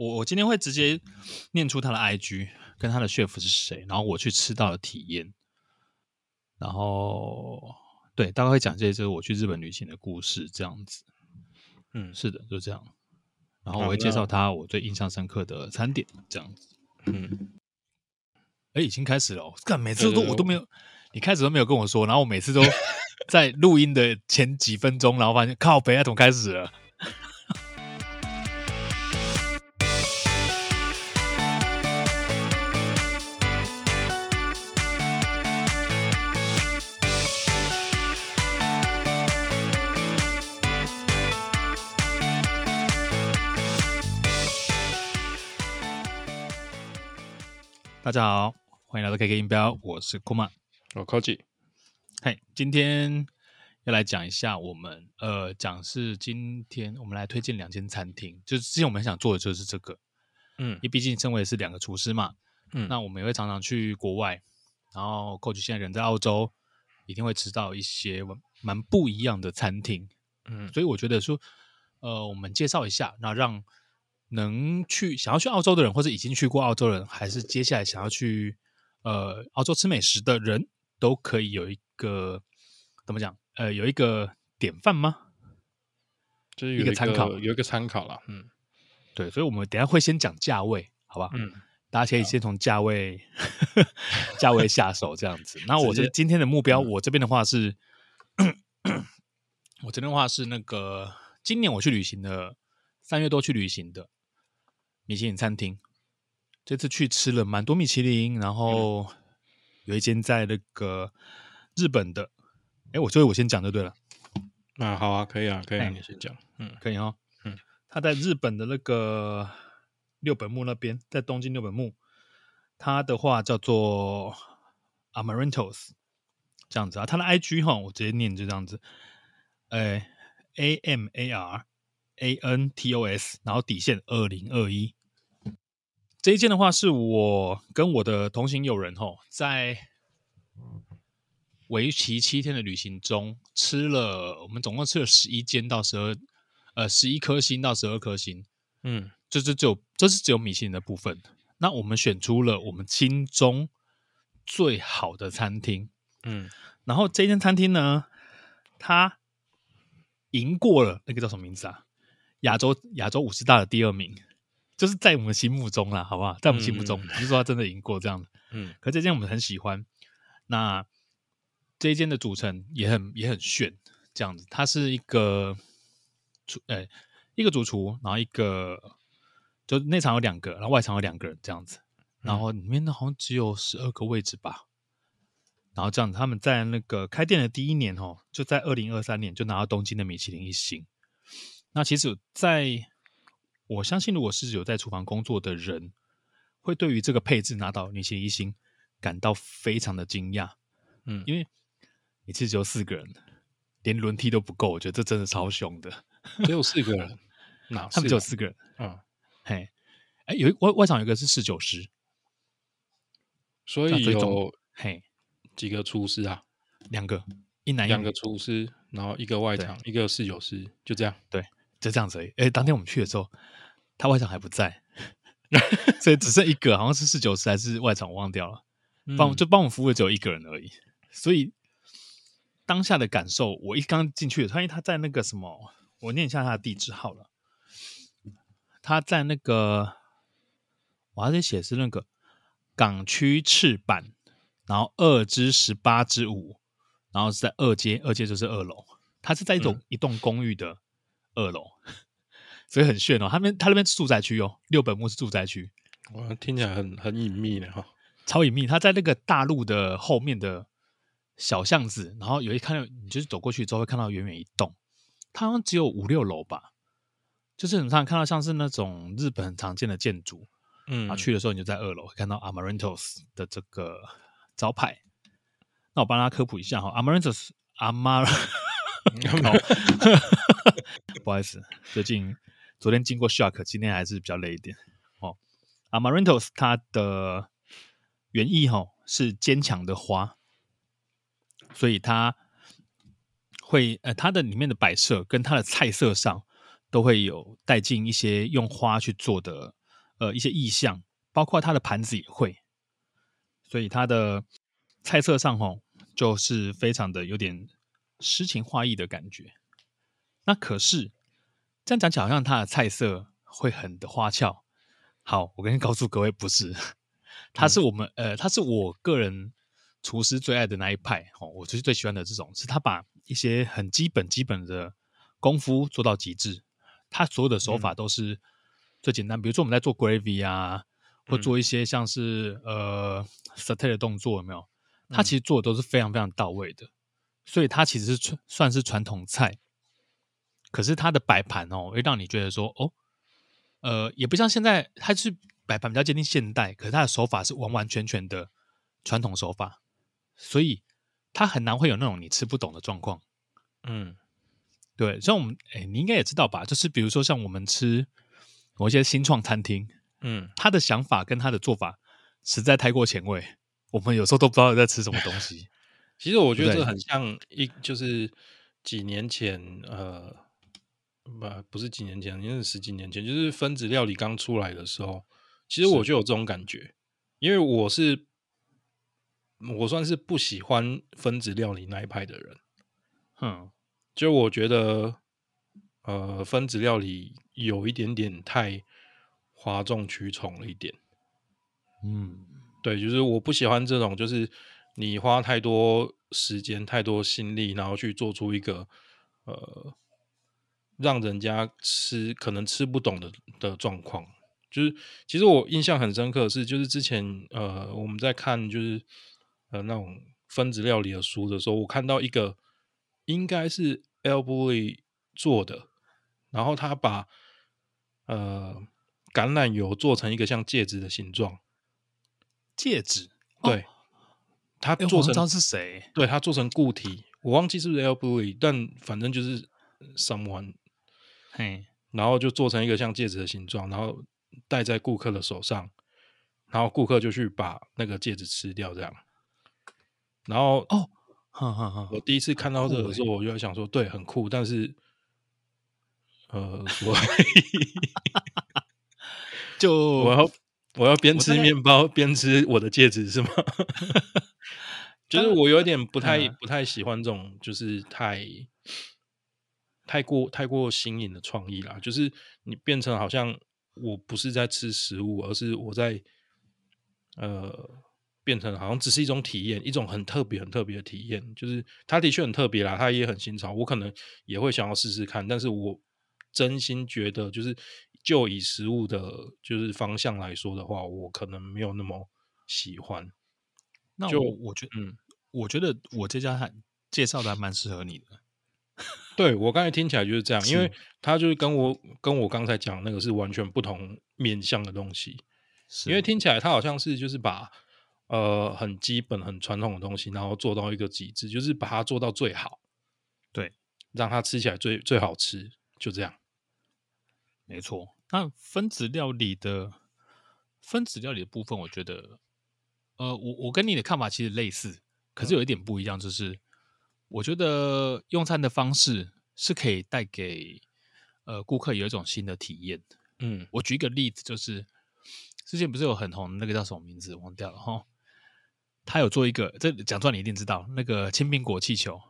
我我今天會直接念出他的 IG 跟他的 chef 是誰，然後我去吃到的體驗，然後對，大概會講這些，就是我去日本旅行的故事這樣子。嗯，是的，就這樣。然後我會介紹他我最印象深刻的餐點這樣子。嗯。哎，已經開始了哦！幹，每次都對對對對我都沒有，你開始都沒有跟我說，然後我每次都在錄音的前幾分鐘， 然後發現靠北，北海道開始了。大家好，歡迎來到 KK 音標，我是 Kuma，我 Koji 嗨，hey, 今天要來講一下我們呃，講是今天我們來推薦兩間餐廳，就是之前我們很想做的就是這個，嗯，因為畢竟身為是兩個廚師嘛，嗯，那我們也會常常去國外，然後 Koji 現在人在澳洲，一定會吃到一些蠻不一樣的餐廳，嗯，所以我覺得說，呃，我們介紹一下，那讓。能去想要去澳洲的人，或者已經去過澳洲人，還是接下來想要去呃澳洲吃美食的人，都可以有一個怎麼講？呃，有一個典範嗎？就是、有一個，一個參考，有一個參考啦。嗯，對，所以我們等一下會先講價位，好吧？嗯，大家可以先從價位 價位下手，這樣子。 那我這今天的目標，我這邊的話是， 我這邊的話是那個 是、那個、今年我去旅行的三月多去旅行的。米其林餐廳，這次去吃了蠻多米其林，然後有一間在那個日本的，哎，我所以，我先講就對了。啊，好啊，可以啊，可以，哎、你先講，嗯，可以啊、哦、嗯，他在日本的那個六本木那邊，在東京六本木，他的話叫做 Amarantos 這樣子啊，他的 IG 哈，我直接念就這樣子，誒 A M A R A N T O S，然後底線二零二一。這一間的話，是我跟我的同行友人吼，在為期七天的旅行中吃了，我們總共吃了十一間到十二，呃，十一顆星到十二顆星，嗯，這這只有這是只有米其林的部分。那我們選出了我們心中最好的餐廳，嗯，然後這一間餐廳呢，它贏過了那個叫什麼名字啊？亞洲亞洲五十大的第二名。就是在我們心目中啦，好不好？在我們心目中，不、嗯、是、嗯、說他真的贏過這樣子。嗯，可這間我們很喜歡。那這一間的組成也很也很炫，這樣子。它是一個廚，哎、欸，一個主廚，然後一個就內場有兩個，然後外場有兩個人這樣子。然後裡面呢好像只有十二個位置吧。然後這樣子，他們在那個開店的第一年哦，就在二零二三年就拿到東京的米其林一星。那其實，在我相信，如果是有在廚房工作的人，會對於這個配置拿到米其林一星感到非常的驚訝。嗯，因為每次只有四個人，連輪替，都不夠，我覺得這真的超凶的。只有四個人， 他們只有四個人？嗯，嘿，哎，有外外場有一個是侍酒師，所以有，有嘿幾個廚師啊，兩個一男一女，兩個廚師，然後一個外場，一個侍酒師，就這樣對。就這樣子。誒、欸，當天我們去的時候，他外場還不在， 所以只剩一個，好像是四九十還是外場我忘掉了。幫就幫我們服務只有一個人而已。所以當下的感受，我一剛進去的，發現他在那個什麼，我念一下他的地址好了。他在那個，我還在寫是那個港區赤坂，然後二之十八之五，然後是在二階，二階就是二樓，他是在一種一棟公寓的。嗯二樓，所以很炫哦、喔。他們他那邊是住宅區哦、喔，六本木是住宅區。哇，聽起來很很隱秘呢哈、哦，超隱秘。他在那個大陸的後面的小巷子，然後有一看到，你就是走過去之後會看到遠遠一棟，他好像只有五六樓吧。就是很常看到像是那種日本很常見的建築，嗯，啊，去的時候你就在二樓會看到 Amarantos 的這個招牌。那我幫他科普一下哈，Amarantos 阿媽。哈 不好意思，最近昨天經過 shock，今天還是比較累一點。哦。啊 Amarantos 它的原意吼、哦、是堅強的花，所以它會呃它的裡面的擺設跟它的菜色上都會有帶進一些用花去做的呃一些意象，包括它的盤子也會，所以它的菜色上吼、哦、就是非常的有點，詩情畫意的感覺，那可是這樣講起來，好像他的菜色會很的花俏。好，我跟你告訴各位，不是，嗯、他是我們呃，他是我個人廚師最愛的那一派哦，我就是最喜歡的這種，是他把一些很基本基本的功夫做到極致，他所有的手法都是最簡單。嗯、比如說我們在做 gravy 啊，嗯、或做一些像是呃 sauté 的動作，有沒有？他其實做的都是非常非常到位的。所以它其實是算是傳統菜，可是它的擺盤哦，會讓你覺得說哦，呃，也不像現在，它是擺盤比較接近現代，可是它的手法是完完全全的傳統手法，所以它很難會有那種你吃不懂的狀況。嗯，對，像我們，哎，你應該也知道吧？就是比如說像我們吃某些新創餐廳，嗯，他的想法跟他的做法實在太過前衛，我們有時候都不知道在吃什麼東西。 其實我覺得這很像一,一，就是幾年前，呃，不，不是幾年前，應該是十幾年前，就是分子料理剛出來的時候。其實我就有這種感覺，因為我是我算是不喜歡分子料理那一派的人。嗯，就我覺得，呃，分子料理有一點點太嘩眾取寵了一點。嗯，對，就是我不喜歡這種，就是。你花太多時間、太多心力，然後去做出一個呃，讓人家吃可能吃不懂的的狀況，就是其實我印象很深刻的是，就是之前呃我們在看就是呃那種分子料理的書的時候，我看到一個應該是 elBulli 做的，然後他把呃橄欖油做成一個像戒指的形狀，戒指？對。Oh. 他做成、欸、知道是誰？對他做成固體，我忘記是不是 l b o y 但反正就是 someone。嘿，然後就做成一個像戒指的形狀，然後戴在顧客的手上，然後顧客就去把那個戒指吃掉，這樣。然後哦，哈哈！我第一次看到這個的時候，我就想說，對，很酷，但是，呃，我，哈哈，就。我要邊吃面包邊吃我的戒指是嗎？ 就是我有點不太、嗯、不太喜歡這種，就是太太過太過新穎的創意啦。就是你變成好像我不是在吃食物，而是我在呃變成好像只是一種體驗，一種很特別很特別的體驗。就是它的確很特別啦，它也很新潮，我可能也會想要試試看。但是我真心覺得就是。就以食物的，就是方向來說的話，我可能沒有那麼喜歡。那我就我覺得，嗯，我覺得我這家還介紹的還蠻適合你的。對，我剛才聽起來就是這樣， 因為他就是跟我跟我剛才講那個是完全不同面向的東西。因為聽起來他好像是就是把呃很基本很傳統的東西，然後做到一個極致，就是把它做到最好，對，讓它吃起來最、最好吃，就這樣。沒錯，那分子料理的分子料理的部分，我覺得，呃，我我跟你的看法其實類似，可是有一點不一樣，就是、嗯、我覺得用餐的方式是可以帶給呃顧客有一種新的體驗。嗯，我舉一個例子，就是之前不是有很紅那個叫什麼名字，忘掉了哈、哦。他有做一個這，講出來，你一定知道，那個青蘋果氣球。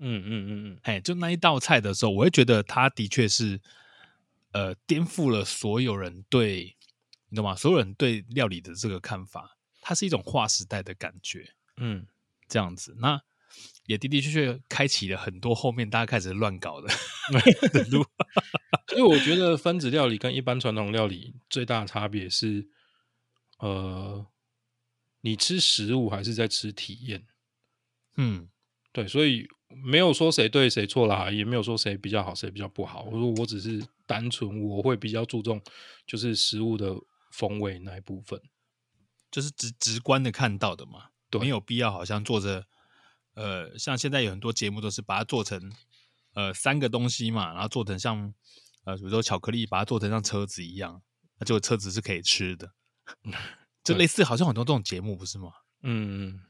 嗯嗯嗯嗯，哎、嗯欸，就那一道菜的時候，我會覺得他的確是。呃，顛覆了所有人對你懂嗎？所有人對料理的這個看法，它是一種劃時代的感覺。嗯，這樣子，那也的的確確開啟了很多後面大家開始亂搞的的路。因為我覺得分子料理跟一般傳統料理最大的差別是，呃，你吃食物還是在吃體驗？嗯，對，所以。沒有說誰對誰錯啦，也沒有說誰比較好，誰比較不好。我說我只是單純，我會比較注重就是食物的風味那一部分，就是直直觀的看到的嘛。沒有必要好像做着，呃，像現在有很多節目都是把它做成呃三個東西嘛，然後做成像呃，比如說巧克力，把它做成像車子一樣，那就車子是可以吃的，嗯、 就類似好像很多這種節目不是嗎？嗯。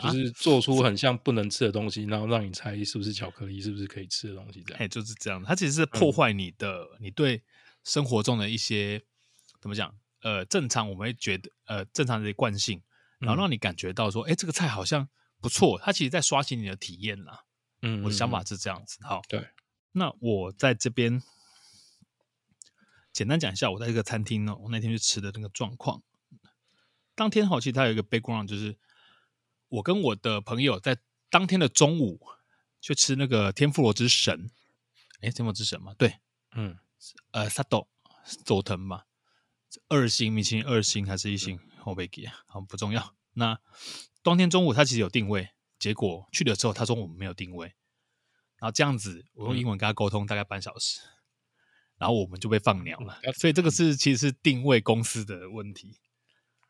就是做出很像不能吃的東西，啊、然後讓你猜是不是巧克力，是不是可以吃的東西這樣。哎，就是這樣。它其實是破壞你的、嗯，你對生活中的一些怎麼講？呃，正常我們會覺得，呃，正常的一些慣性，然後讓你感覺到說，哎、嗯欸，這個菜好像不錯。它其實，在刷新你的體驗啦。嗯，我的想法是這樣子。好，對。那我在這邊簡單講一下，我在這個餐廳呢，我那天去吃的那個狀況。當天好，其實它有一個 background 就是。我跟我的朋友在當天的中午去吃那個天婦羅之神，誒，天婦之神嗎？對，嗯，呃 Sato 佐藤嘛，二星明星，二星還是一星 o b e 好，不重要。那當天中午他其實有定位，結果去了之後他說我們沒有定位，然後這樣子我用英文跟他溝通大概半小時，嗯、然後我們就被放鳥了、嗯。所以這個是其實是定位公司的問題。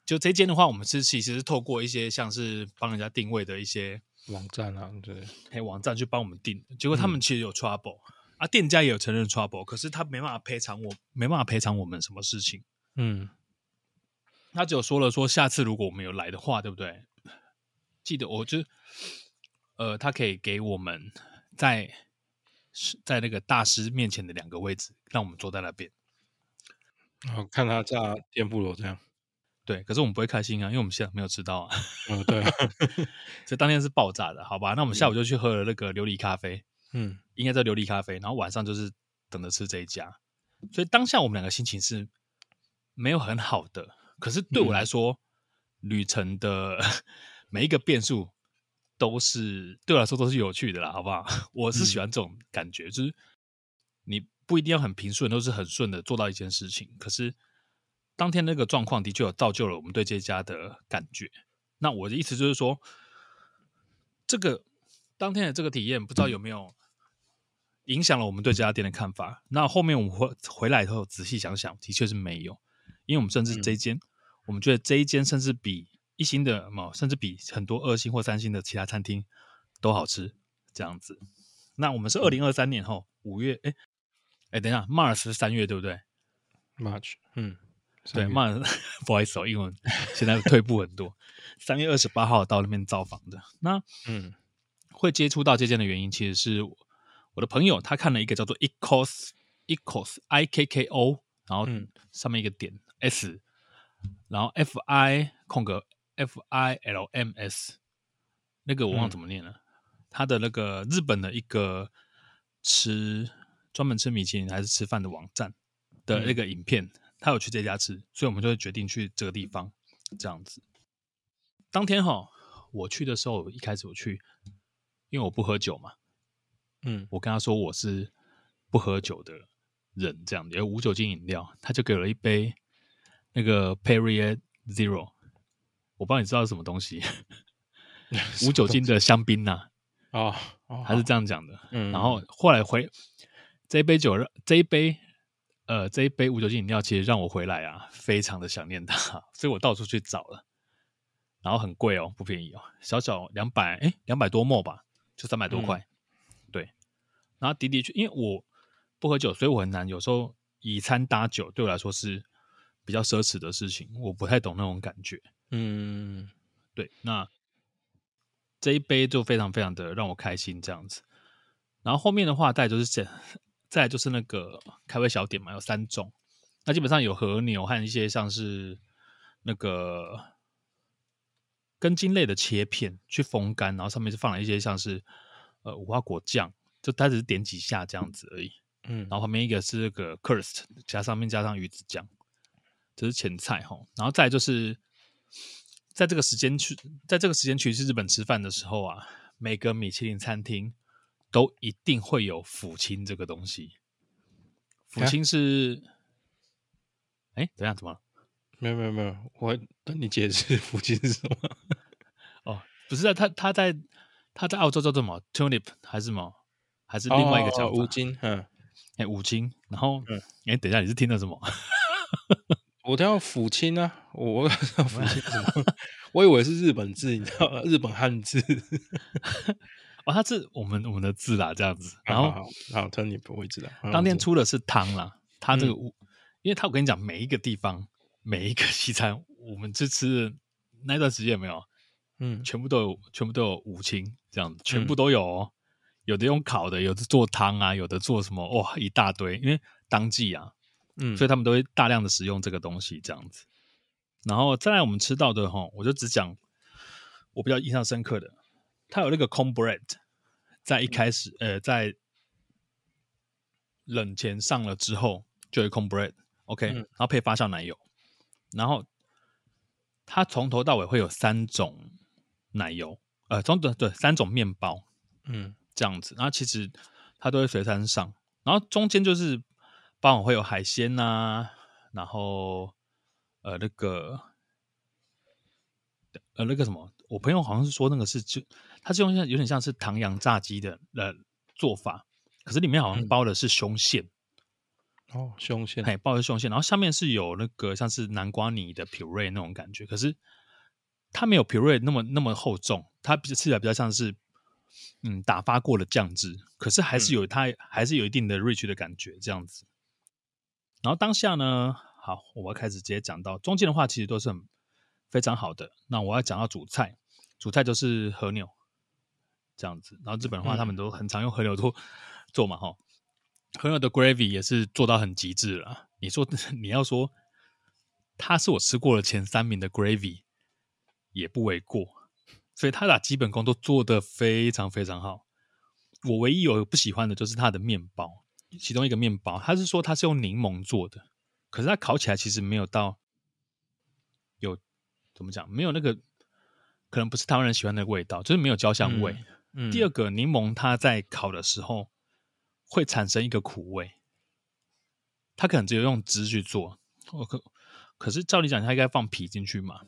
就這間的話，我們是其實是透過一些像是幫人家定位的一些網站啊，對，還有網站去幫我們定。結果他們其實有 trouble，嗯，啊，店家也有承認 trouble，可是他沒辦法賠償我，沒辦法賠償我們什麼事情。嗯，他只有說了說下次如果我們有來的話，對不對？記得我就，呃，他可以給我們在在那個大師面前的兩個位置，讓我們坐在那邊。啊，看他這樣，店鋪樓這樣。店部。對，可是我們不會開心啊，因為我們現在沒有吃到啊。哦、對， 所以當天是爆炸的，好吧？那我們下午就去喝了那個琉璃咖啡，嗯，應該在琉璃咖啡，然後晚上就是等着吃這一家。所以當下我們兩個心情是沒有很好的，可是對我來說，嗯、旅程的每一個變數都是對我來說都是有趣的啦，好不好？我是喜歡這種感覺，嗯、就是你不一定要很平順，都是很順的做到一件事情，可是。當天那個狀況的確有造就了我們對這家的感覺。那我的意思就是說，這個當天的這個體驗，不知道有沒有影響了我們對這家店的看法？那後面我們回回來以後仔細想想，的確是沒有，因為我們甚至這一間，嗯、我們覺得這一間甚至比一星的，甚至比很多二星或三星的其他餐廳都好吃。這樣子，那我們是二零二三年後五、嗯、月，哎，哎，等一下，March 是三月對不對？March，嗯。對，慢，不好意思哦，英文現在退步很多。三月二十八號到那邊造訪的，那嗯，會接觸到這件的原因，其實是我的朋友他看了一個叫做 Ecos Ecos I K K O，然後上面一個點 S，然後 F I 空格 F I L M S，那個我忘怎麼念了。他的那個日本的一個吃專門吃米其林還是吃飯的網站的那個影片。他有去這家吃，所以我們就決定去這個地方。這樣子，當天哈，我去的時候，一開始我去，因為我不喝酒嘛，嗯，我跟他說我是不喝酒的人，這樣子，有無酒精飲料，他就給了一杯那個 Perrier Zero，我不知道你知道什麼東西，無 酒精的香檳吶、啊，哦，他是這樣講的，嗯、然後後來回這一杯酒，這一杯。呃，這一杯無酒精飲料其實讓我回來啊，非常的想念它，所以我到處去找了，然後很貴哦，不便宜哦，小小兩百、欸，誒兩百多莫吧，就三百多塊、嗯，對。然後的的確，因為我不喝酒，所以我很難，有時候以餐搭酒對我來說是比較奢侈的事情，我不太懂那種感覺。嗯，對。那這一杯就非常非常的讓我開心，這樣子。然後後面的話，大概就是這樣。再來就是那個開胃小點嘛，有三種。那基本上有和牛，還有一些像是那個根莖類的切片去風乾，然後上面是放了一些像是呃無花果醬，就它只是點幾下這樣子而已。嗯，然後旁邊一個是那個 crust 加上面加上魚子醬，這，就是前菜哈。然後再來就是在這個時間去，在這個時間去日本吃飯的時候啊，每個米其林餐廳都一定會有父親這個東西，父親是，哎、啊，怎樣？怎麼了？沒有沒有沒有，我等你解釋父親是什麼？哦，不是啊，他他在他在澳洲叫做什麼 turnip 還是什麼？還是另外一個叫、哦、五金。嗯，哎，五金。然後，哎、嗯，等一下，你是聽到什麼？我聽到父親啊，我 我以為是日本字，你知道嗎 日本漢字。 哦，他是我們我們的字啦，這樣子。好好好，然後好，他你不會知道，當天出的是湯啦。嗯、他這個，因為他我跟你講，每一個地方每一個西餐，我們這吃那一段時間沒有，嗯，全部都有，全部都有五青這樣子，全部都有、嗯。有的用烤的，有的做湯啊，有的做什麼，哇、哦，一大堆。因為當季啊，嗯，所以他們都會大量的使用這個東西這樣子。然後再來我們吃到的哈，我就只講我比較印象深刻的。它有那個 corn bread，在一開始、嗯，呃，在冷前上了之後，就有 corn bread，OK、okay? 嗯、然後配發酵奶油，然後它從頭到尾會有三種奶油，呃，從對對三種麵包，嗯，這樣子。然後其實它都會隨餐上，然後中間就是傍晚會有海鮮吶、啊，然後呃那個呃那個什麼。我朋友好像是說那個是就，他這種像有點像是唐揚炸雞的呃做法，可是裡面好像包的是胸腺，嗯、哦，胸腺哎，包的是胸腺然後下面是有那個像是南瓜泥的皮瑞那種感覺，可是它沒有皮瑞那麼那麼厚重，它比較吃起來比較像是嗯打發過的醬汁，可是還是有，嗯、它還是有一定的 rich 的感覺這樣子。然後當下呢，好，我要開始直接講到中間的話，其實都是很非常好的。那我要講到主菜。主菜就是和牛這樣子，然後日本的話，嗯、他們都很常用和牛做做嘛，哈。和牛的 gravy 也是做到很極致了。你說你要說他是我吃過了前三名的 gravy，也不為過。所以他倆基本功都做得非常非常好。我唯一有不喜歡的就是他的麵包，其中一個麵包，他是說他是用檸檬做的，可是他烤起來其實沒有到有怎麼講，沒有那個。可能不是台灣人喜歡的味道，就是沒有焦香味。嗯嗯、第二個，檸檬它在烤的時候會產生一個苦味，它可能只有用汁去做。我可可是照理講，它應該放皮進去嘛。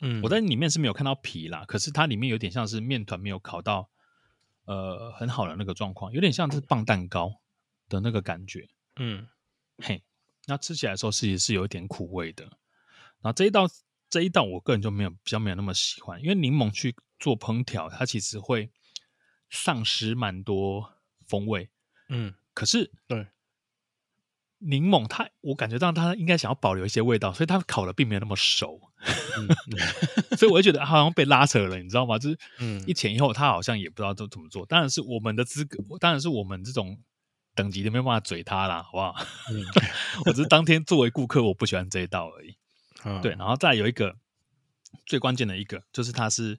嗯，我在裡面是沒有看到皮啦，可是它裡面有點像是麵糰沒有烤到，呃，很好的那個狀況，有點像是棒蛋糕的那個感覺。嗯，嘿、hey，那吃起來的時候是也是有一點苦味的。那這一道。這一道我個人就沒有比較沒有那麼喜歡，因為檸檬去做烹調，它其實會喪失蠻多風味。嗯，可是對檸檬它，它我感覺到它應該想要保留一些味道，所以它烤的並沒有那麼熟。嗯嗯、 所以我就覺得好像被拉扯了， 你知道嗎？就是一前一後，它好像也不知道都怎麼做。當然是我們的資格，當然是我們這種等級的沒辦法嘴他啦，好不好？嗯、 我只是當天作為顧客， 我不喜歡這一道而已。嗯、對，然後再有一個最關鍵的一個，就是它是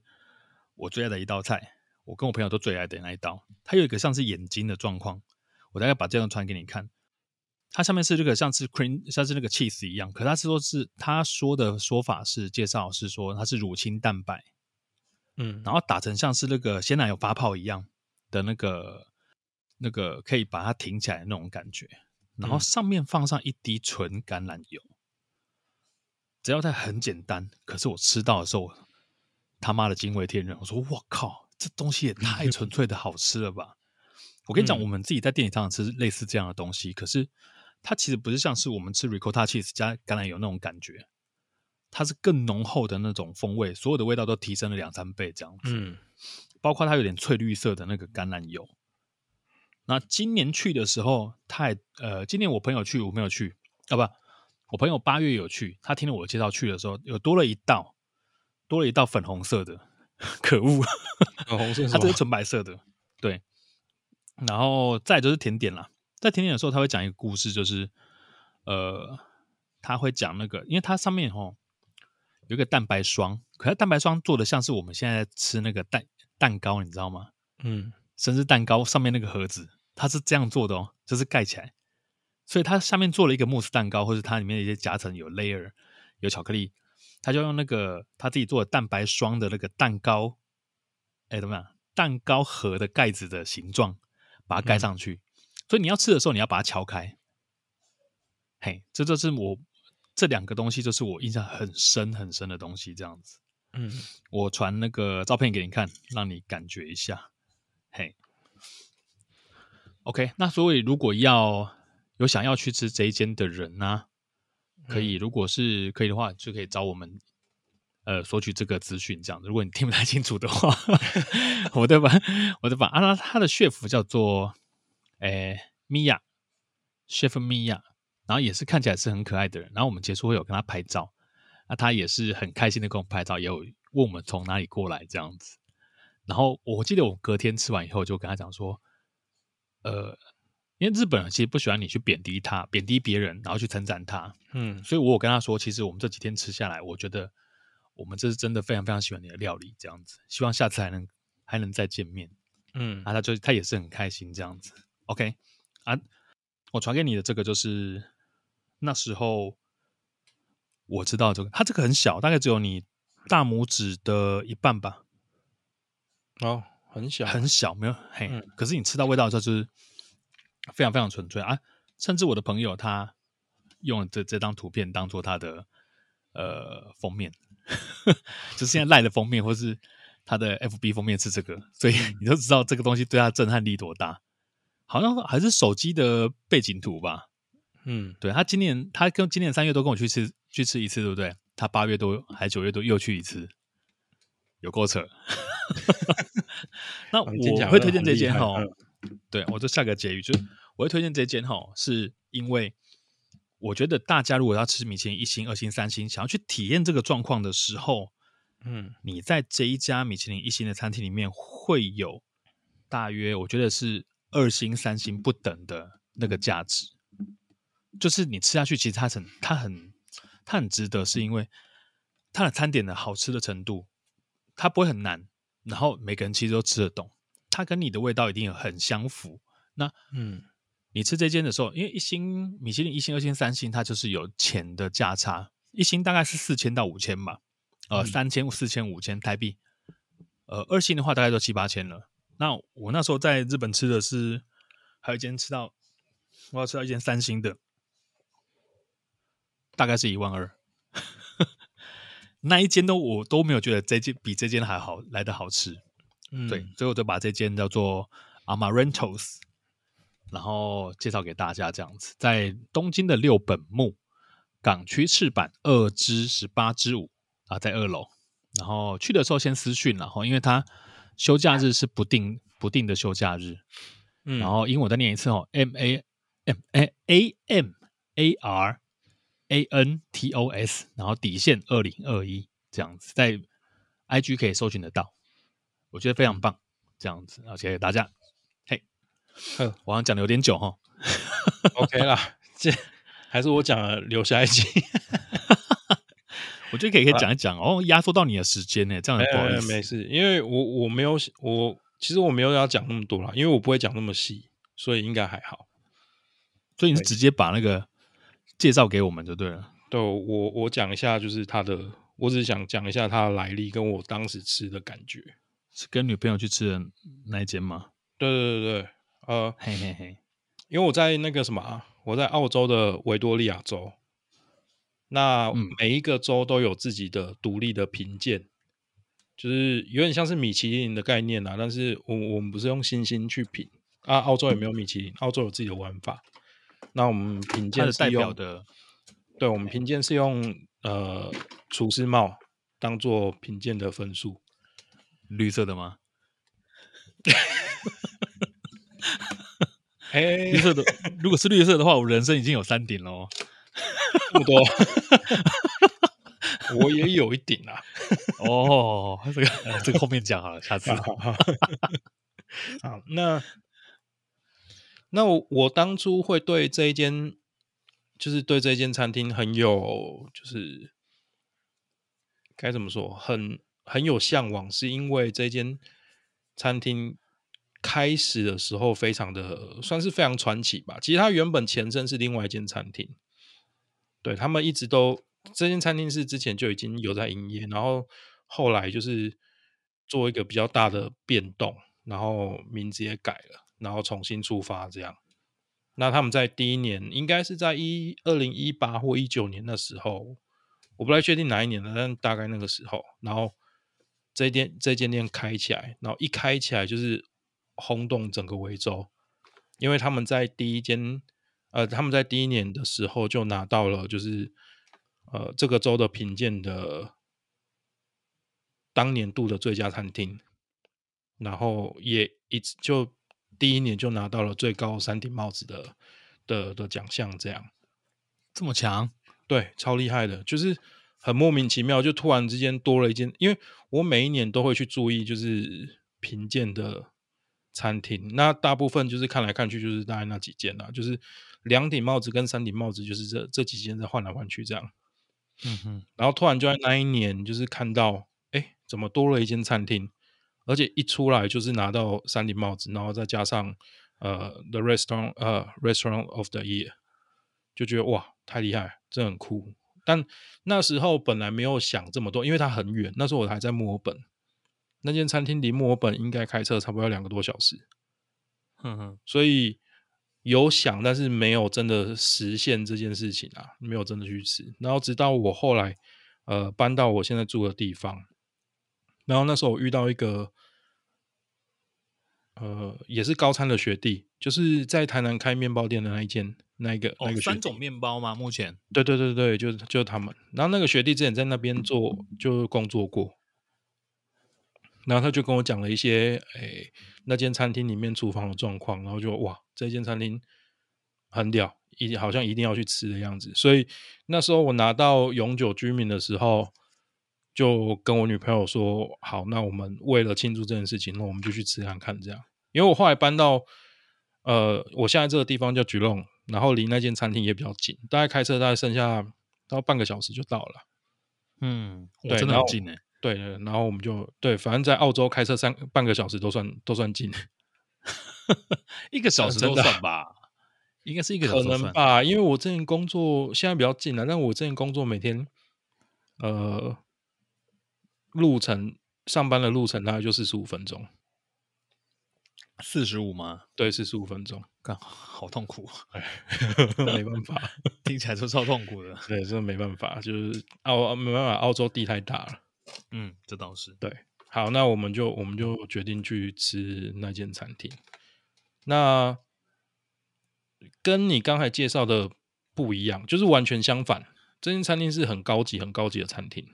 我最愛的一道菜，我跟我朋友都最愛的那一道。它有一個像是眼睛的狀況，我大概把這張傳給你看。它下面是這個像是 cream，像是那個 cheese 一樣，可是它是說是它說的說法是介紹是說它是乳清蛋白，嗯，然後打成像是那個鮮奶油發泡一樣的那個那個可以把它挺起來的那種感覺，然後上面放上一滴純橄欖油。嗯只要它很簡單，可是我吃到的時候，他媽的驚為天人！我說我靠，這東西也太純粹的好吃了吧！嗯、我跟你講，我們自己在店裡常常吃類似這樣的東西，嗯，可是它其實不是像是我們吃 ricotta cheese 加橄欖油那種感覺，它是更濃厚的那種風味，所有的味道都提升了兩三倍這樣子。嗯，包括它有點翠綠色的那個橄欖油。那今年去的時候，太……呃，今年我朋友去，我沒有去啊，不，不。我朋友八月有去，他聽了我介紹去的時候，有多了一道，多了一道粉紅色的，可惡，粉紅色，它這是純白色的，對。然後再就是甜點啦，在甜點的時候，他會講一個故事，就是呃，他會講那個，因為它上面哦有一個蛋白霜，可是蛋白霜做的像是我們現在吃那個蛋蛋糕，你知道嗎？嗯，生日蛋糕上面那個盒子，它是這樣做的哦，就是蓋起來。所以它下面做了一個慕斯蛋糕，或是它裡面的一些夾層有 layer，有巧克力，他就用那個他自己做的蛋白霜的那個蛋糕，哎，怎麼樣？蛋糕盒的蓋子的形狀把它蓋上去。嗯，所以你要吃的時候，你要把它敲開。嘿，這就是我這兩個東西，就是我印象很深很深的東西，這樣子，嗯，我傳那個照片給你看，讓你感覺一下。嘿，OK，那所以如果要。有想要去吃這一間的人呢、啊，可以、嗯，如果是可以的話，就可以找我們，呃，索取這個資訊。這樣子，如果你聽不太清楚的話， 我對吧？我對吧？阿、啊、拉他的 Chef 叫做，哎、欸，米亞 Chef 米亞，然後也是看起來是很可愛的人。然後我們結束會有跟他拍照，那、啊、他也是很開心的跟我們拍照，也有問我們從哪裡過來這樣子。然後我記得我隔天吃完以後就跟他講說，呃。因為日本人其實不喜歡你去貶低他，貶低別人，然後去稱讚他。嗯，所以我有跟他說，其實我們這幾天吃下來，我覺得我們這是真的非常非常喜歡你的料理，這樣子。希望下次還能還能再見面。嗯，啊，他就他也是很開心這樣子。OK，啊，我傳給你的這個就是那時候我知道這個，它這個很小，大概只有你大拇指的一半吧。哦，很小，很小，沒有嘿、嗯。可是你吃到味道的時候就是。非常非常純粹啊！甚至我的朋友他用這這張圖片當做他的呃封面， 就是現在賴的封面， 或是他的 FB 封面是這個，所以你都知道這個東西對他震撼力多大。好像還是手機的背景圖吧？嗯，對，他今年他跟今年三月都跟我去吃去吃一次，對不對？他八月多還是九月多又去一次，有夠扯。 那我會推薦這間哦，對，我就下個結語就。我會推薦這間吼、哦，是因為我覺得大家如果要吃米其林一星、二星、三星，想要去體驗這個狀況的時候，嗯，你在這一家米其林一星的餐廳裡面，會有大約我覺得是二星、三星不等的那個價值，就是你吃下去，其實它很、它很、它很值得，是因為它的餐點的好吃的程度，它不會很難，然後每個人其實都吃得懂，它跟你的味道一定很相符。那嗯。你吃這間的時候，因為一星米其林一星、二星、三星，它就是有錢的價差。一星大概是四千到五千吧，呃、嗯，三千、四千、五千台幣。呃，二星的話大概都七八千了。那我那時候在日本吃的是，還有一間吃到，我要吃到一間三星的，大概是一萬二。 那一間都我都沒有覺得這間比這間還好來的好吃。嗯。對，所以我就把這間叫做 Amarentos。然後介紹給大家這樣子，在東京的六本木港區赤坂二之十八之五啊，在二樓。然後去的時候先私訊了哦，因為他休假日是不定不定的休假日。嗯，然後因為我再念一次哦，M A M A -M A M A R A N T O S，然後底線二零二一這樣子，在 I G 可以搜尋得到，我覺得非常棒，這樣子，謝謝大家。呵，我好像講的有點久哈、哦、 ，OK 啦，這還是我講了留下一集， 我覺得可以可以講一講、啊、哦，壓縮到你的時間呢、欸，這樣也不好意思。哎哎哎，沒事，因為我我沒有我其實我沒有要講那麼多啦，因為我不會講那麼細，所以應該還好。所以你直接把那個介紹給我們就對了。對，我我講一下，就是他的，我只是想講一下他的來歷，跟我當時吃的感覺，是跟女朋友去吃的那一間嗎？對對對對。呃，嘿嘿嘿，因為我在那個什麼啊，我在澳洲的維多利亞州。那每一個州都有自己的獨立的評鑑、嗯，就是有點像是米其林的概念啊。但是我我們不是用星星去評，啊，澳洲也沒有米其林，澳洲有自己的玩法。那我們評鑑是用代表的，對，我們評鑑是用呃廚師帽當做評鑑的分數，綠色的嗎？ 黑 色的， 如果是綠色的話，我人生已經有三頂嘍、哦，不多， 我也有一頂啊，哦、 喔，這個這個後面講好了，下次。 好，那那我我當初會對這一間，就是對這間餐廳很有，就是該怎麼說，很很有向往，是因為這間餐廳。開始的時候非常的，算是非常傳奇吧。其實它原本前身是另外一間餐廳，對，他們一直都這間餐廳是之前就已經有在營業，然後後來就是做一個比較大的變動，然後名字也改了，然後重新出發這樣。那他們在第一年應該是在一，二零一八或一九年的時候，我不太確定哪一年了，但大概那個時候，然後這店這間店開起來，然後一開起來就是。轟動整個維州，因為他們在第一間，呃，他們在第一年的時候就拿到了，就是，呃，這個州的評鑑的當年度的最佳餐廳，然後也一直就第一年就拿到了最高三頂帽子的的的，的獎項，這樣。這麼強？對，超厲害的，就是很莫名其妙，就突然之間多了一間，因為我每一年都會去注意，就是評鑑的。餐廳，那大部分就是看來看去，就是大概那幾間吶、啊，就是兩頂帽子跟三頂帽子，就是這這幾間在換來換去這樣。嗯哼，然後突然就在那一年就是看到，誒，怎麼多了一間餐廳？而且一出來就是拿到三頂帽子，然後再加上呃，the restaurant 呃，restaurant of the year，就覺得哇，太厲害，這很酷。但那時候本來沒有想這麼多，因為它很遠，那時候我還在墨爾本。那間餐廳離墨爾本，應該開車差不多要兩個多小時，哼哼，所以有想，但是沒有真的實現這件事情啊，沒有真的去吃。然後直到我後來，呃，搬到我現在住的地方，然後那時候我遇到一個，呃，也是高餐的學弟，就是在台南開麵包店的那一間，那一個哦，三種麵包嗎？目前對對對對，就是就是他們。然後那個學弟之前在那邊做，就是工作過。然後他就跟我講了一些，誒、欸，那間餐廳裡面廚房的狀況，然後就哇，這間餐廳很屌，一好像一定要去吃的樣子。所以那時候我拿到永久居民的時候，就跟我女朋友說，好，那我們為了慶祝這件事情，那我們就去吃看看這樣。因為我後來搬到，呃，我現在這個地方叫菊龍，然後離那間餐廳也比較近，大概開車大概剩下到半個小時就到了。嗯，對，真的好近，欸。對，然後我們就對，反正在澳洲開車三半個小時都算都算近， 一個小時都算吧，應該是一個小時吧。因為我最近工作現在比較近了，啊，但我最近工作每天呃路程上班的路程大概就四十五分鐘，四十五嗎？對，四十五分鐘，幹好，好痛苦， 沒辦法， 聽起來都超痛苦的。對，真的沒辦法，就是澳沒辦法，澳洲地太大了。嗯，這倒是對。好，那我們就我們就決定去吃那間餐廳。那跟你剛才介紹的不一樣，就是完全相反。這間餐廳是很高級、很高級的餐廳。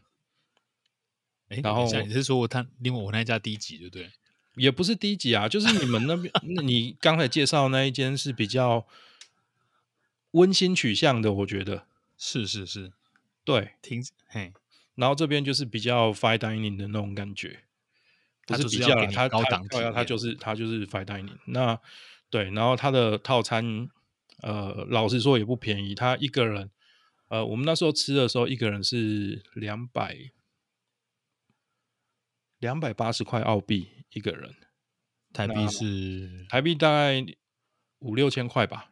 哎，然後你是說我他另外我那家低級，對不對？也不是低級啊，就是你們那邊， 你剛才介紹的那一間是比較溫馨取向的，我覺得是是是，對，挺嘿。然後這邊就是比較 fine dining 的那種感覺，它是比較它高檔，它就是它就是 fine dining。那對，然後它的套餐，呃，老實說也不便宜。他一個人，呃，我們那時候吃的時候，一個人是兩百，兩百八十塊澳幣一個人，台幣是、啊、台幣大概五六千塊吧。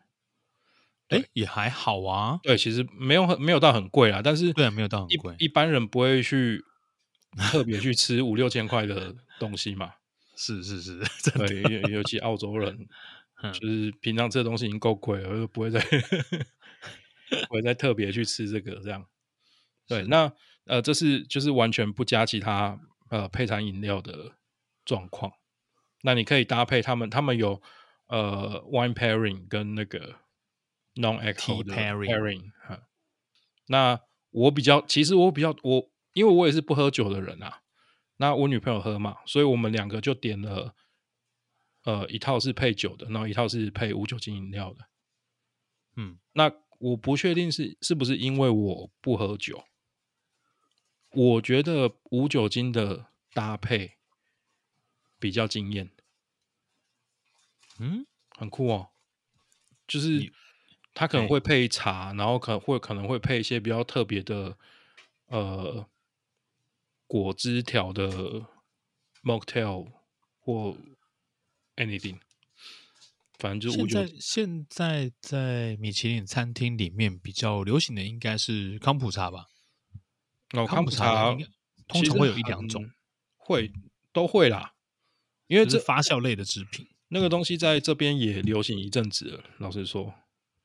哎、欸，也還好啊。對，其實沒有很沒有到很貴啦，但是對，沒有到很貴。一般人不會去特別去吃五、 五六千塊的東西嘛。 是是是，對，尤尤其澳洲人， 就是平常吃的東西已經夠貴了，就不會再 不會再特別去吃這個這樣。對，那呃，這是就是完全不加其他呃配餐飲料的狀況。那你可以搭配他們，他們有呃 wine pairing 跟那個。Non-act pairing，pairing，嗯。那我比較，其實我比較，我因為我也是不喝酒的人啊。那我女朋友喝嘛，所以我們兩個就點了，呃，一套是配酒的，然後一套是配無酒精飲料的。嗯，那我不確定是是不是因為我不喝酒，我覺得無酒精的搭配比較驚豔。嗯，很酷哦，就是。You... 它可能會配茶，欸、然後可能會可能會配一些比較特別的，呃，果汁調的 mocktail 或 anything。反正就是現在現在在米其林餐廳裡面比較流行的應該是康普茶吧。哦，康普茶，康普茶通常會有一兩種，會都會啦，因為這發酵類的制品，嗯，那個東西在這邊也流行一陣子了。老實說。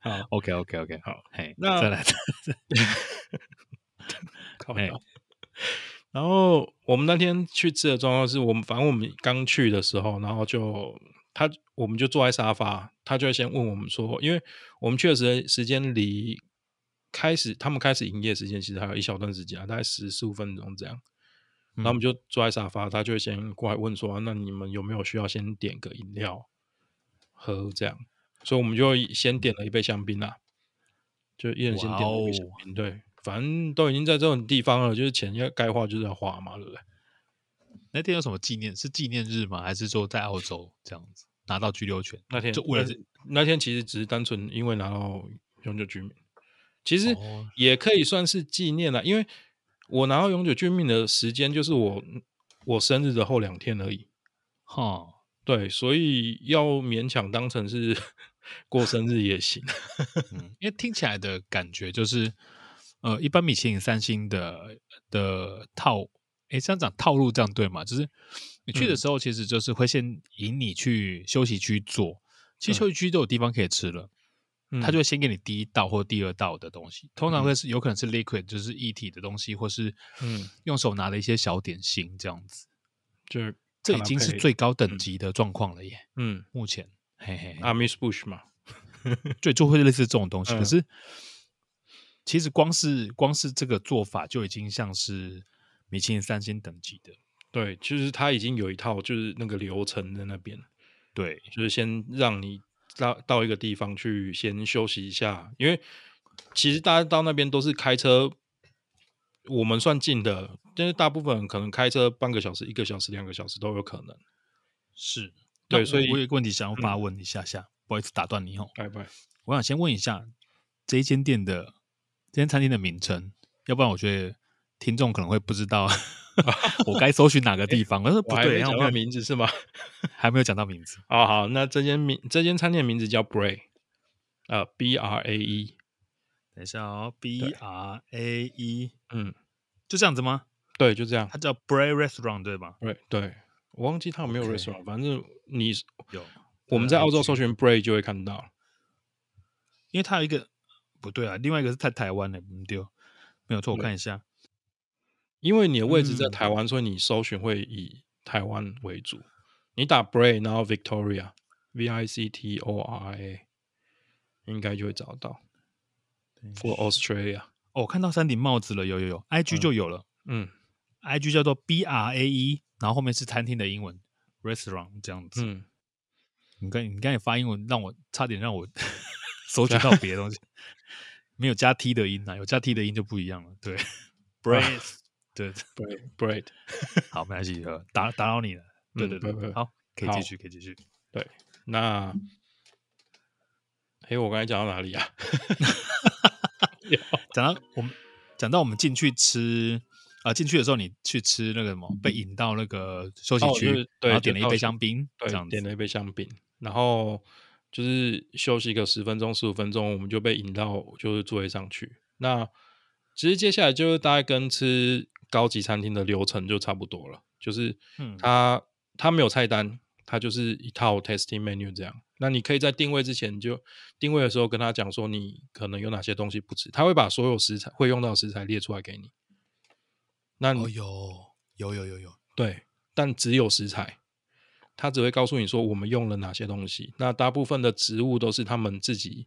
好，OK，OK，OK，好，嘿、okay, okay, okay,，那、hey, that... 再來，再來，嘿。 Hey. 然後我們那天去吃的狀況是我們，反正我們剛去的時候，然後就他，我們就坐在沙發，他就會先問我們說，因為我們去的時間離開始他們開始營業時間其實還有一小段時間、啊、大概十四五分鐘這樣。然後我們就坐在沙發，他就會先過來問說、啊，那你們有沒有需要先點個飲料喝這樣？所以我們就先點了一杯香檳啦，就一人先點了一杯香檳、wow、對，反正都已經在這種地方了，就是錢要該花就是要花嘛，對不對？那天有什麼紀念？是紀念日嗎？還是說在澳洲這樣子拿到居留權那天？就為了那，那天，其實只是單純因為拿到永久居民，其實也可以算是紀念啦。Oh. 因為我拿到永久居民的時間，就是我我生日的後兩天而已。哈、huh.，對，所以要勉強當成是。過生日也行、 嗯，因為聽起來的感覺就是，呃，一般米其林三星的的套，誒，這樣講套路這樣對嗎？就是你去的時候，其實就是會先引你去休息區坐，其實休息區都有地方可以吃了，他、嗯、就會先給你第一道或第二道的東西，嗯、通常會是有可能是 liquid，就是液體的東西，或是嗯，用手拿的一些小點心這樣子，就是這已經是最高等級的狀況了耶，嗯，目前。嘿嘿，阿米斯布什嘛，對， 就會類似這種東西。嗯、可是，其實光是光是這個做法，就已經像是米其林三星等級的。對，就是他已經有一套就是那個流程在那邊。對，就是先讓你到到一個地方去先休息一下，因為其實大家到那邊都是開車，我們算近的，但是大部分可能開車半個小時、一個小時、兩個小時都有可能。是。對，所以我有個問題想要發問一下下，嗯、不好意思打斷你哦，拜拜。我想先問一下這一間店的，這間餐廳的名稱，要不然我覺得聽眾可能會不知道、啊， 我該搜尋哪個地方。 欸、我說不對，講到名字是嗎？還沒有講到名字。哦，好，那這間名，這間餐廳的名字叫 Bray，呃，B R A E。等一下哦，B R A E，嗯，就這樣子嗎？對，就這樣。它叫 Bray Restaurant，對吧？對，對。我忘記他有沒有 restaurant，、Okay. 反正你有，我們在澳洲搜尋 Bray 就會看到，因為他有一個不對啊，另外一個是在台灣的，欸，沒有錯，我看一下，因為你的位置在台灣，嗯，所以你搜尋會以台灣為主。你打 Bray，然後 Victoria，V I C T O R I A，應該就會找到。For Australia，哦，我看到三頂帽子了，有有有，IG 就有了，嗯。嗯 I G 叫做 B R A E，然後後面是餐廳的英文 Restaurant 這樣子。你、嗯、看，你剛才發英文，讓我差點讓我呵呵搜尋到別的東西。 沒有加 T 的音，有加 T 的音就不一樣了。對，Bread，、啊、對,對,對 Bread,，Bread，好，沒關係，打打擾你了。 對對對，好，可以繼續，可以繼續。對，那哎，我剛才講到哪裡啊？講 到我們，講到我們進去吃。啊，進去的時候你去吃那個什麼，被引到那個休息區，對、嗯嗯，然後點了一杯香檳，對，點了一杯香檳，然後就是休息個十分鐘、十五分鐘，我們就被引到就是座位上去。那其實接下來就是大概跟吃高級餐廳的流程就差不多了，就是他，嗯，它它沒有菜單，它就是一套 tasting menu 這樣。那你可以在定位之前就定位的時候跟他講說你可能有哪些東西不吃，他會把所有食材會用到的食材列出來給你。那有有有有有對，但只有食材，他只會告訴你說，我們用了哪些東西。那大部分的植物都是他們自己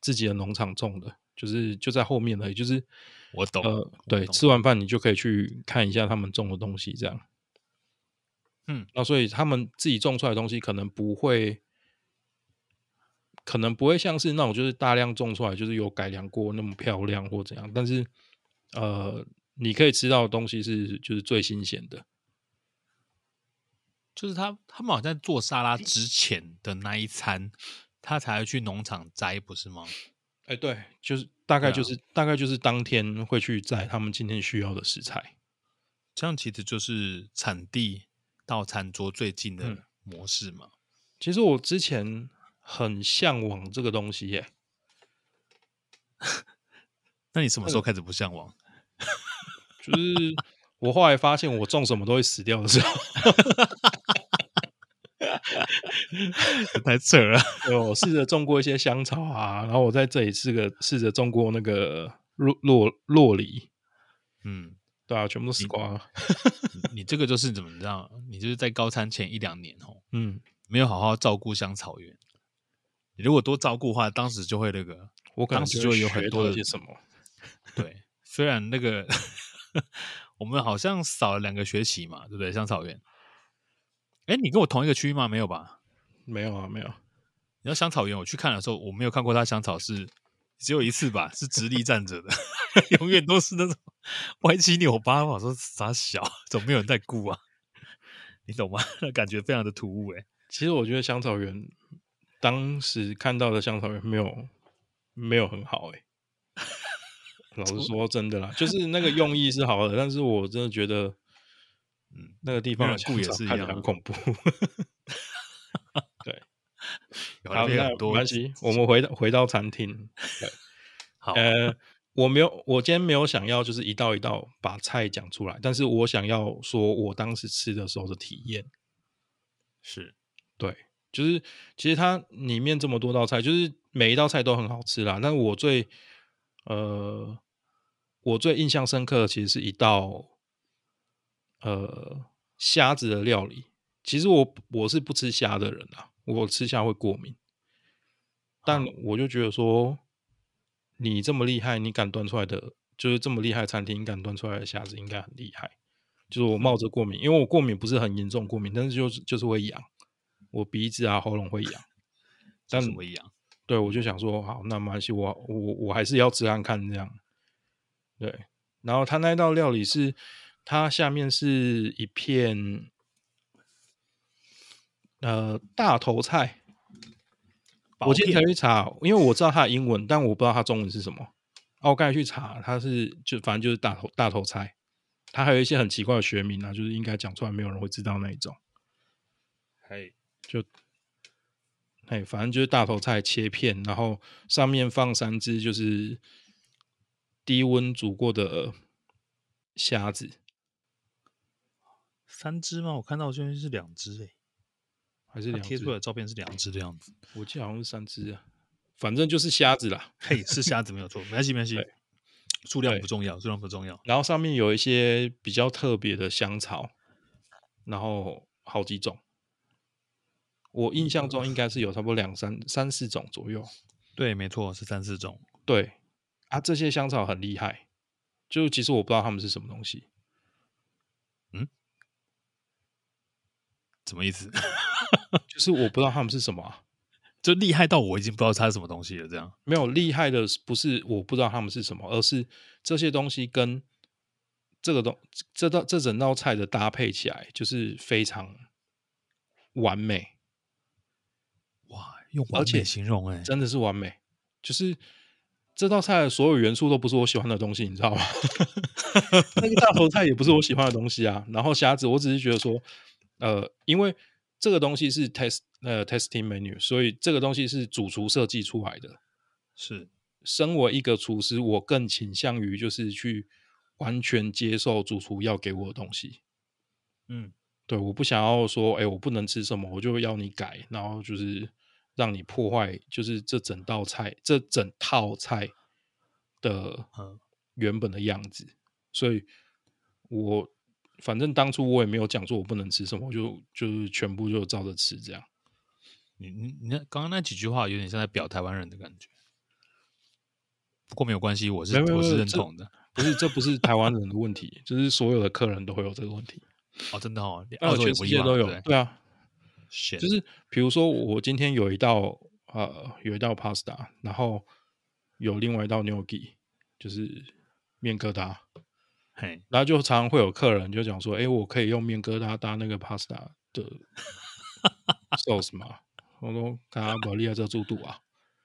自己的農場種的，就是就在後面了。就是我懂，呃，對，吃完飯你就可以去看一下他們種的東西，這樣。嗯，那所以他們自己種出來的東西可能不會，可能不會像是那種就是大量種出來，就是有改良過那麼漂亮或怎樣，但是呃。你可以吃到的東西是就是最新鮮的，就是他他們好像在做沙拉之前的那一餐，欸，他才會去農場摘，不是嗎哎、欸，對，就是大概就是、啊、大概就是當天會去摘他們今天需要的食材，這樣其實就是產地到餐桌最近的模式嘛。嗯、其實我之前很向往這個東西耶， 那你什麼時候開始不向往？嗯就是我後來發現我種什麼都會死掉的時候 太扯了。對，我試着種過一些香草啊， 然後我在這裡試個試着種過那個羅羅羅勒，嗯，對啊，全部都死光了。你，你，你這個就是怎麼知道？你就是在高餐前一兩年哦，嗯，沒有好好照顧香草園。你如果多照顧的話，當時就會那個，我可能覺當時就有很多的一些什麼。對，雖然那個。 我們好像少了兩個學期嘛，對不對？香草園，哎、欸，你跟我同一個區域嗎？沒有吧？沒有啊，沒有。你要香草園，我去看的時候，我沒有看過他香草是只有一次吧，是直立站着的， 永遠都是那種歪七扭八，我說咋小，怎麼沒有人在顧啊？你懂嗎？感覺非常的突兀、欸。哎，其實我覺得香草園當時看到的香草園沒有沒有很好、欸。哎。老實說，真的啦，就是那個用意是好的， 但是我真的覺得，嗯、那個地方的故事也是一樣很恐怖。 對，差別很多。 沒關係， 我們回，回到餐廳。呃，我沒有，我今天沒有想要就是一道一道把菜講出來，但是我想要說我當時吃的時候的體驗。是，對，就是其實它裡面這麼多道菜，就是每一道菜都很好吃啦。那我最，呃。我最印象深刻的，其實是一道，呃，蝦子的料理。其實我我是不吃蝦的人啊，我吃蝦會過敏。但我就覺得說，你這麼厲害，你敢端出來的，就是這麼厲害的餐廳，你敢端出來的蝦子應該很厲害。就是我冒着過敏，因為我過敏不是很嚴重過敏，但是就是就是會癢，我鼻子啊喉嚨會癢。什麼癢？對，我就想說，好，那沒關係，我我我還是要吃看看這樣。對，然後他那道料理是，它下面是一片，呃，大頭菜。我今天才去查，因為我知道它的英文，但我不知道它中文是什麼。啊，我剛才去查，它是就反正就是大頭大頭菜。它還有一些很奇怪的學名啊，就是應該講出來沒有人會知道那一種。嘿，就嘿，反正就是大頭菜切片，然後上面放三隻，就是。低溫煮過的蝦子，三隻嗎？我看到現在是兩隻哎，還是兩？貼出來的照片是兩隻的樣子，我記得好像是三隻啊，反正就是蝦子啦。嘿，是蝦子 沒有錯，沒關係沒關係，數量不重要，數量不重要。然後上面有一些比較特別的香草，然後好幾種，我印象中應該是有差不多兩三三四種左右。對，沒錯，是三四種。對。啊，這些香草很厲害，就其實我不知道他們是什麼東西。嗯？什麼意思？ 就是我不知道他們是什麼，啊，就厲害到我已經不知道它是什麼東西了。這樣沒有厲害的，不是我不知道他們是什麼，而是這些東西跟這個東這道這整道菜的搭配起來，就是非常完美。哇，用完美形容哎，欸，真的是完美，就是。這道菜的所有元素都不是我喜歡的東西，你知道嗎？ 那個大頭菜也不是我喜歡的東西啊。然後蝦子，我只是覺得說，呃，因為這個東西是 test 呃 testing menu，所以這個東西是主廚設計出來的。是，身為一個廚師，我更傾向於就是去完全接受主廚要給我的東西。嗯，對，我不想要說，哎，我不能吃什麼，我就要你改，然後就是。讓你破壞就是這整道菜，這整套菜的原本的樣子，嗯、所以我反正當初我也沒有講說我不能吃什麼，我就就是全部就照着吃這樣。你你你那剛剛那幾句話有點像在表台灣人的感覺，不過沒有關係，我是沒有沒有我是認同的，不是這不是台灣人的問題， 就是所有的客人都會有這個問題。哦，真的哦，啊，全世界都有，對，對啊。Shit. 就是比如說，我今天有一道呃，有一道 pasta，然後有另外一道 gnocchi，就是麵疙瘩，嘿、hey.，然後就常常會有客人就講說，誒、欸、我可以用麵疙瘩搭那個 pasta 的 sauce 嘛？ 我說看阿寶利亞這專注啊，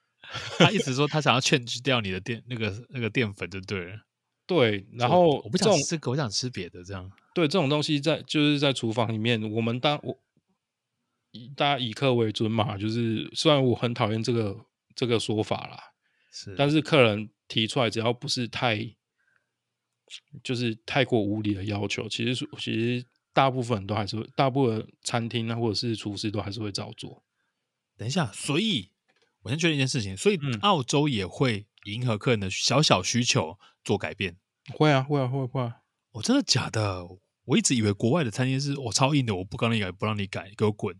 他一直說他想要去除掉你的澱那個那個澱粉，就對了。對，然後我不想吃我想吃別的這樣。對，這種東西在就是在廚房裡面，我們當我。大家以客為尊嘛，就是雖然我很討厭這個這個說法啦，是，但是客人提出來，只要不是太，就是太過無理的要求，其實其實大部分都還是會大部分餐廳啊或者是廚師都還是會照做。等一下，所以我先確定一件事情，所以澳洲也會迎合客人的小小需求做改變，嗯、會啊，會啊，會會、啊。我真的假的？我一直以為國外的餐廳是我、哦、超硬的，我不讓你改，不讓你改，給我滾！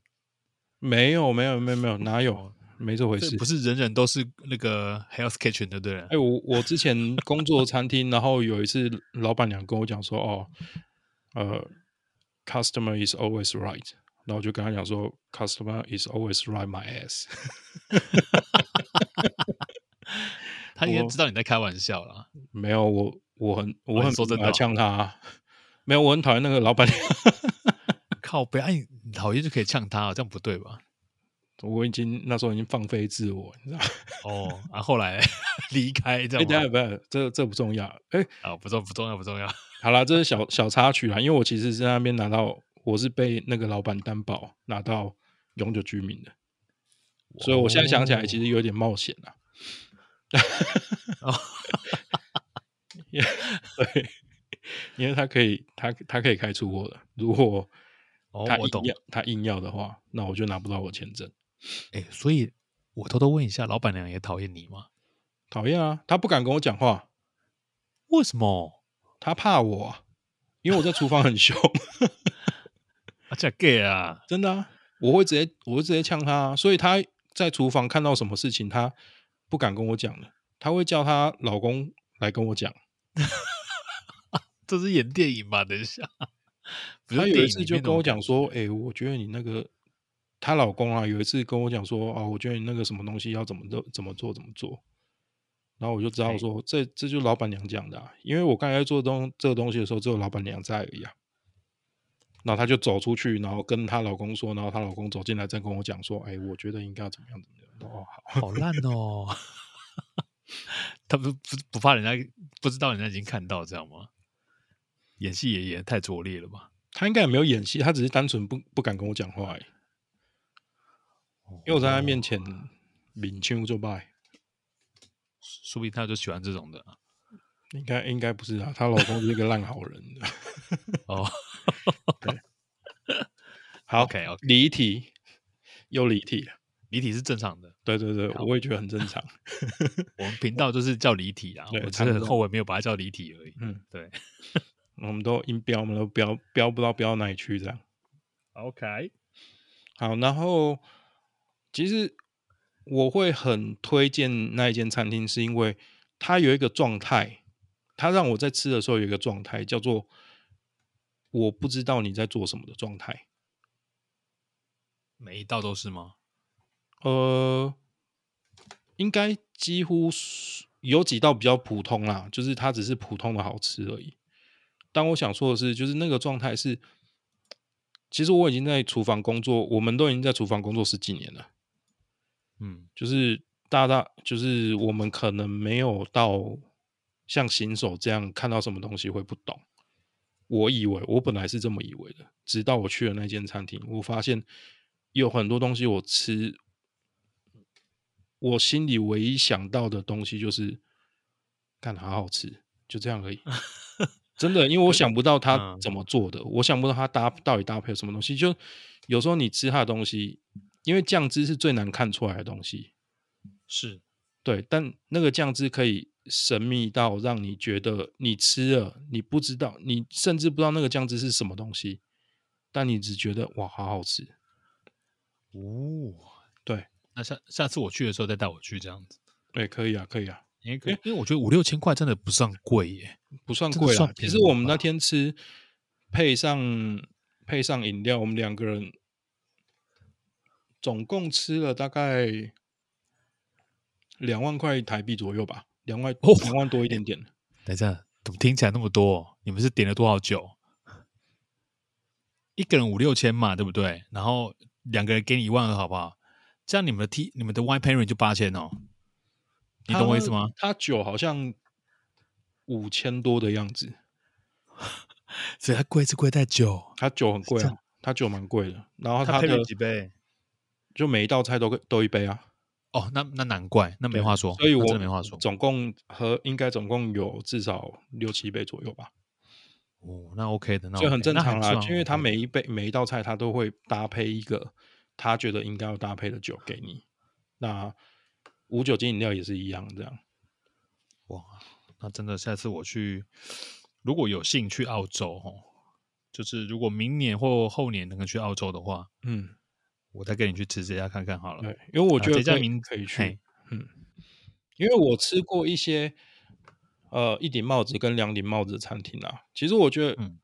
沒有沒有沒有沒有哪有，沒這回事，不是人人都是那個 Hell's Kitchen 的，對，對。哎，我我之前工作餐廳， 然後有一次老板娘跟我講說，哦，呃，customer is always right，然後我就跟他講說，customer is always right my ass。 他應該知道你在開玩笑了。沒有，我我很我很我說真的，我嗆他、啊。沒有，我很討厭那個老板娘。 啊、好，不要討厭就可以嗆他、哦，這樣不對吧？我已經那時候已經放飛自我，你知道哦。然、oh, 啊、後來離 開這樣，不要不要，這這不重要。哎、欸，啊、oh,，不重不重要不重要。好了，這是小小插曲啦、啊，因為我其實是在那邊拿到，我是被那個老闆擔保拿到永久居民的，wow. 所以我現在想起來其實有點冒險啊、oh. 因為他可以，他他可以開除我的，如果。哦、他硬要，他硬要的話，那我就拿不到我簽證、欸。所以我偷偷問一下，老闆娘也討厭你嗎？討厭啊，她不敢跟我講話。為什麼？她怕我，因為我在廚房很凶。 啊，真假啊！真的、啊，我會直接，我會直接嗆她、啊。所以她在廚房看到什麼事情，她不敢跟我講了，她會叫她老公來跟我講。 這是演電影吧？等一下。她有一次就跟我講說：“欸，我覺得你那個她老公啊，有一次跟我講說啊，我覺得你那個什麼東西要怎麼的怎麼做怎麼做怎麼做。”然後我就知道說，欸，這這就是老闆娘講的啊，因為我剛才做東這個東西的時候，只有老闆娘在而已啊。然後她就走出去，然後跟她老公說，然後她老公走進來再跟我講說：“欸，我覺得應該要怎麼樣怎麼樣。”哦，好，好爛哦！ 他不不不怕人家不知道人家已經看到，這樣嗎？演戲也也太拙劣了吧？他應該也沒有演戲，他只是單純不不敢跟我講話、哦，因為我在他面前明謙作態，說不定他就喜歡這種的、啊。應該應該不是他，他老公是一個爛好人的。哦 對，好 OK 離題又離題了，離題是正常的。對對對，我,我也覺得很正常。 我們頻道就是叫離題啊，我只是後悔沒有把它叫離題而已。嗯，對。 我們都音標，我們都標標，不知道標到哪裡去這樣。OK，好，然後其實我會很推薦那一間餐廳，是因為它有一個狀態，它讓我在吃的時候有一個狀態，叫做我不知道你在做什麼的狀態。每一道都是嗎？呃，應該幾乎有幾道比較普通啦，就是它只是普通的好吃而已。但我想說的是，就是那個狀態是，其實我已經在廚房工作，我們都已經在廚房工作十幾年了，嗯，就是大大，就是我們可能沒有到像新手這樣看到什麼東西會不懂。我以為我本來是這麼以為的，直到我去了那間餐廳，我發現有很多東西我吃，我心裡唯一想到的東西就是幹，好好吃，就這樣而已。 真的，因為我想不到他怎麼做的，嗯、我想不到他搭到底搭配什麼東西。就有時候你吃他的東西，因為醬汁是最難看出來的東西，是。對。但那個醬汁可以神秘到讓你覺得你吃了，你不知道，你甚至不知道那個醬汁是什麼東西，但你只覺得哇，好好吃。哦，對。那下下次我去的時候再帶我去這樣子。對，可以啊，可以啊。因為因為我覺得五六千塊真的不算貴耶、欸，不算貴啊。其實我們那天吃，配上配上飲料，我們兩個人總共吃了大概兩萬塊台幣左右吧，兩萬哦兩萬多一點點。等一下，怎麼聽起來那麼多？你們是點了多少酒？一個人五六千嘛，對不對？然後兩個人給你一萬二，好不好？這樣你們的 T 你們的 wine pairing 就八千哦。你懂我意思嗎？他酒好像五千多的樣子， 所以他貴是貴在酒，他酒很貴啊，他酒蠻貴的。然後他配了幾杯，就每一道菜都都一杯啊。哦，那那難怪，那沒話說，所以我沒話說。總共喝應該總共有至少六七杯左右吧。哦，那 OK 的，那、OK、的就很正常啦，OK、因為他每一杯每一道菜他都會搭配一個他覺得應該要搭配的酒給你，那。無酒精飲料也是一樣，這樣哇，那真的，下次我去，如果有幸去澳洲哈、哦，就是如果明年或後年能夠去澳洲的話，嗯，我再跟你去吃這家看看好了。對，因為我覺得明年可以去，嗯，因為我吃過一些，呃，一頂帽子跟兩頂帽子的餐廳啊，其實我覺得，嗯，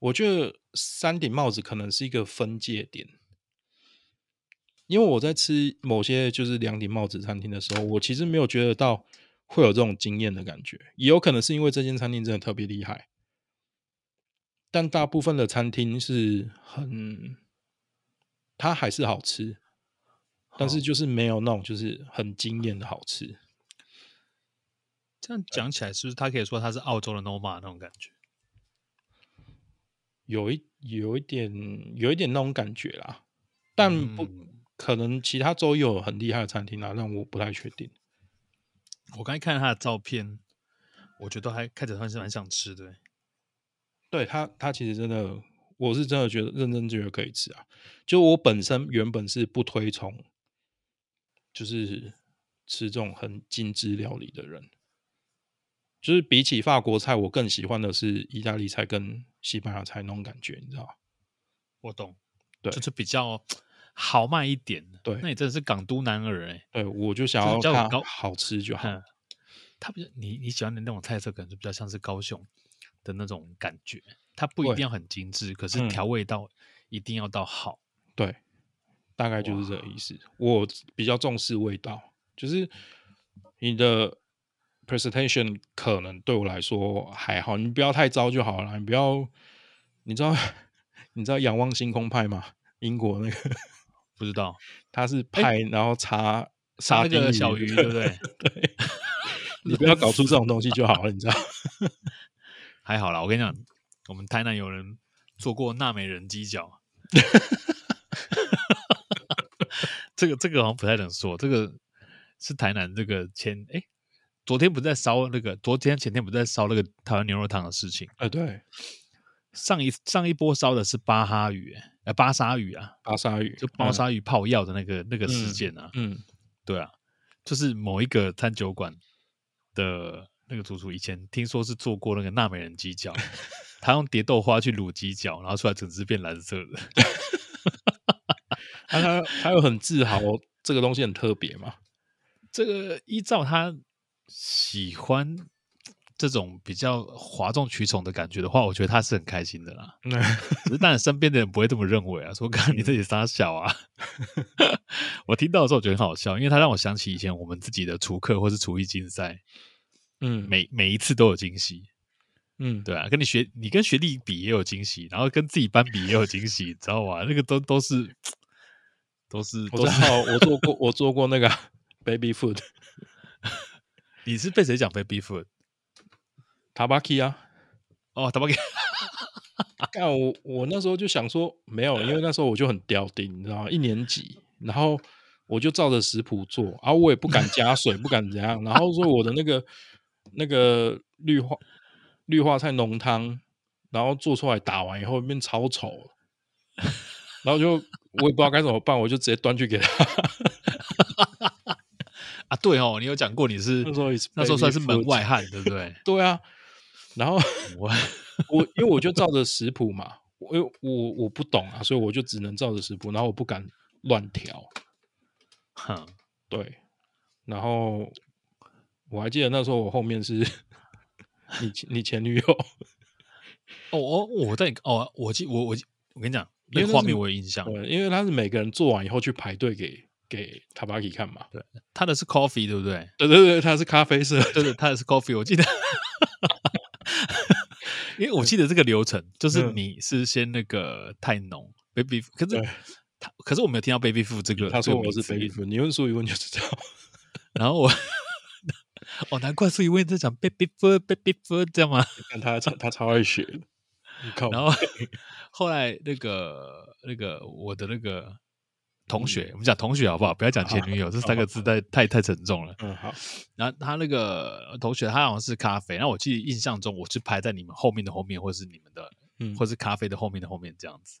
我覺得三頂帽子可能是一個分界點。因為我在吃某些就是兩頂帽子餐廳的時候，我其實沒有覺得到會有這種驚艷的感覺，也有可能是因為這間餐廳真的特別厲害。但大部分的餐廳是很，它還是好吃，但是就是沒有那種就是很驚艷的好吃。好，這樣講起來，是不是它可以說它是澳洲的 Noma 那種感覺？有一有一點有一點那種感覺啦，但不。嗯可能其他州有很厲害的餐廳啦、啊、但我不太確定。我剛才看了他的照片，我覺得還看着還是蠻想吃的。對，他，他其實真的，我是真的覺得認真覺得可以吃啊。就我本身原本是不推崇，就是吃這種很精致料理的人。就是比起法國菜，我更喜歡的是意大利菜跟西班牙菜那種感覺，你知道嗎？我懂，對，就是比較、哦。豪邁一點，對，那你真的是港都男兒哎、欸。對，我就想要比較高好吃就好。他不是比較、嗯、比較你你喜歡的那種菜色，可能是比較像是高雄的那種感覺。它不一定要很精致，可是調味道一定要到好、嗯。對，大概就是這個意思。我比較重視味道，就是你的 presentation 可能對我來說還好，你不要太糟就好了。你不要，你知道你知道仰望星空派嗎？英國那個。 不知道，他是拍、欸、然後插沙那個小魚，對不對？對，你不要搞出這種東西就好了， 你知道？還好啦，我跟你講、嗯，我們台南有人做過納美人雞腳， 這個這個好像不太能說，這個是台南這個前哎、欸，昨天不在燒那個，昨天前天不在燒那個台灣牛肉湯的事情啊、欸，對。上一上一波燒的是巴哈魚、欸，呃，巴沙魚啊，巴沙魚，就巴沙魚泡藥的那個、嗯、那個事件啊，嗯，嗯，對啊，就是某一個餐酒館的那個主廚，以前聽說是做過那個納美人雞腳， 他用蝶豆花去滷雞腳，然後出來整隻變藍色的、， 啊他，他他他又很自豪， 這個東西很特別嘛，這個依照他喜歡。這種比較譁眾取寵的感覺的話，我覺得他是很開心的啦。可 是當然身邊的人不會這麼認為啊，說剛剛你自己傻笑啊。 我聽到的時候我覺得很好笑，因為他讓我想起以前我們自己的廚客或是廚藝競賽。嗯，每每一次都有驚喜。嗯，對啊，跟你學，你跟學弟比也有驚喜，然後跟自己班比也有驚喜，你知道嗎？那個都都是都是都是我， 我做過，我做過那個 baby food。 你是被誰講 baby food？塔巴基啊！哦，塔巴基。啊， 我我那時候就想說，沒有，因為那時候我就很吊定，你知道嗎？一年級，然後我就照着食譜做，然後我也不敢加水，不敢怎樣， 然後說我的那個那個綠花綠花菜濃湯，然後做出來打完以後變超醜，然後就我也不知道該怎麼辦，我就直接端去給他。 啊，對哦，你有講過你是，那時候是 baby food，那時候算是門外漢，對不對？ 對啊。然後我我因為我就照着食譜嘛，我我我不懂啊，所以我就只能照着食譜，然後我不敢亂調。哼，對，然後我還記得那時候我後面是你你前女友。哦哦，我在哦，我記我我我跟你講，那畫面我有印象，因為他是每個人做完以後去排隊給給 Tabaki 看嘛。對，對，他的是咖啡，對不對？對對對，他是咖啡色，真的，他的是咖啡，我記得。因為我記得這個流程，就是你是先那個太濃 baby，、嗯、可是他可是我沒有聽到 baby food 這個，他說我是 baby food，你問蘇一問就知道。然後我， 哦，難怪蘇一問在講 baby food baby food 這樣嘛？看 他他超，他超愛學，然後後來那個那個我的那個。同學，我們講同學好不好？不要講前女友，啊，這三個字太、嗯、太太沉重了。嗯，好。然後他那個同學，他好像是咖啡。然後我記得印象中，我是排在你們後面的後面，或是你們的、嗯，或是咖啡的後面的後面這樣子。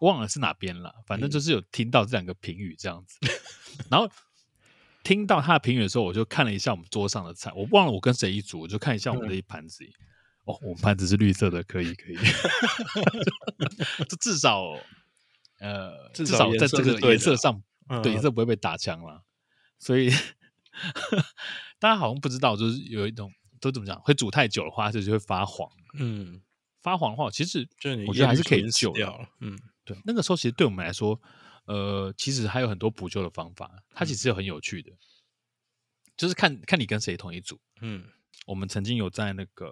忘了是哪邊了，反正就是有聽到這兩個評語這樣子。嗯、然後聽到他的評語的時候，我就看了一下我們桌上的菜。我忘了我跟誰一組，我就看一下我們的一盤子，嗯。哦，我們盤子是綠色的，可以可以。這 至少。呃，至少，至少在這個顏色、色上，嗯、對顏色不會被打槍啦。嗯、所以 大家好像不知道，就是有一種都怎麼講，會煮太久的話，就就是，會發黃。嗯，發黃的話，其實就是我覺得還是可以救的。你說你說你掉了。嗯，對，那個時候其實對我們來說，呃，其實還有很多補救的方法。它其實有很有趣的，嗯、就是看看你跟誰同一組。嗯，我們曾經有在那個。